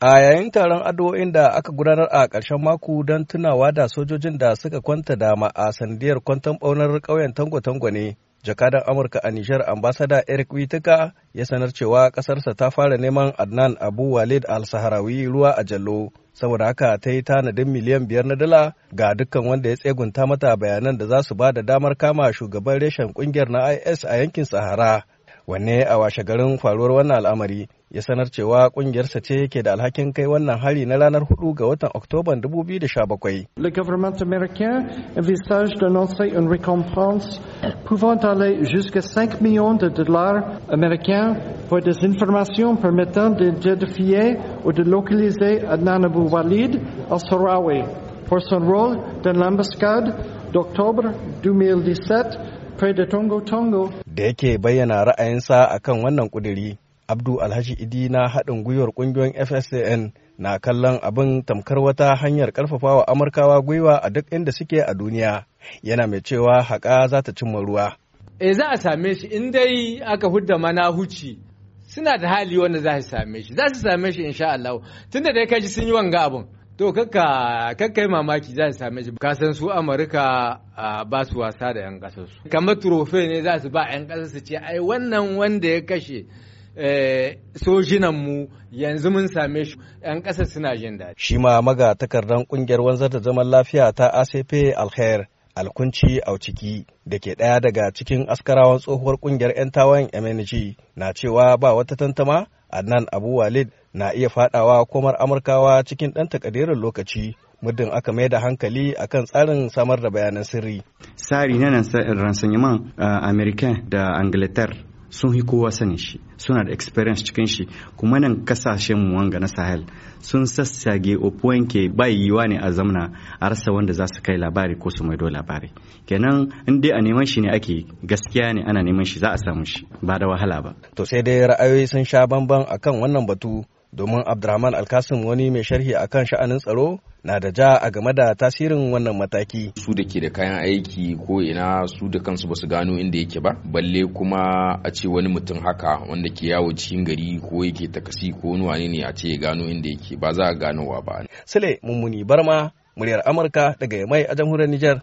A yayin taron addu'o'in da aka gudanar a ƙarshen mako don tunawa da sojojin da suka kwanta dama a sandiyar kwantan ɓaunar ƙauyen tango-tango ne, jakadan Amurka a Nijar ambasada Eric Witika ya sanar cewa ƙasarsa ta fara neman Adnan Abu Walid Al-Saharawi ruwa a Jallo, saboda haka ta yi tanadin miliyan biyar na dala ga dukkan wanda ya tsegunta mata bayanan da za su ba da damar kama shugaban reshen ƙungiyar na IS a yankin Sahara. Le gouvernement américain envisage d'annoncer une récompense pouvant aller jusqu'à 5 millions de dollars américains pour des informations permettant d'identifier ou de localiser Adnan Abou Walid al pour son rôle dans l'ambassade d'octobre 2017 près de Tongo Tongo. da yake bayyana ra'ayinsa a kan wannan kuduri abdu alhaji idi na haɗin gwiwar ƙungiyoyin fsan na kallon abin tamkar wata hanyar ƙarfafawa amurkawa gwiwa a duk inda suke a duniya yana mai cewa haƙa za ta cimma ruwa e za a same shi in dai aka hudda mana huci suna da hali wanda za su same shi za su same shi insha Allah tunda dai kaji sun yi wanga abun To kakka kakkai mamaki za su same shi kasan su Amurka ba su wasa da 'yan ƙasarsu. Kamar trofe ne za su ba 'yan ƙasar su ce ai wannan wanda ya kashe eh, sojinanmu yanzu mun same shi 'yan ƙasar suna jin daɗi. Shi ma maga takardar ƙungiyar wanzar da zaman lafiya ta ACP Alkhair alkunci auciki da ke ɗaya daga cikin askarawan tsohuwar ƙungiyar 'yan tawayen MNG na cewa ba wata tantama a nan Abu Walid na iya fadawa komar amurkawa cikin ɗan takadirin lokaci muddin aka mai da hankali akan tsarin samar da bayanan sirri tsari na a eh, amerika da angletar sun yi kowa sanin shi suna da experience cikin shi kuma nan kasashen wanga na sahel sun sassage opoin ke bai yiwa ne a zamna a rasa wanda za su kai labari ko su maido labari kenan in dai a neman shi ne ake gaskiya ne ana neman shi za a samu shi ba da wahala ba to sai dai ra'ayoyi sun sha bamban akan wannan batu domin abdurrahman alkasim wani mai sharhi akan sha'anin tsaro na da ja a game da tasirin wannan mataki su da ke da kayan aiki ko ina su da kansu basu gano inda yake ba balle kuma a ce wani mutum haka wanda ke yawo cikin gari ko yake takasi ko wani wane ne a ce ya gano inda yake ba za a ganowa ba sule mummuni barma muryar amurka daga yamai a jamhuriyar Nijar.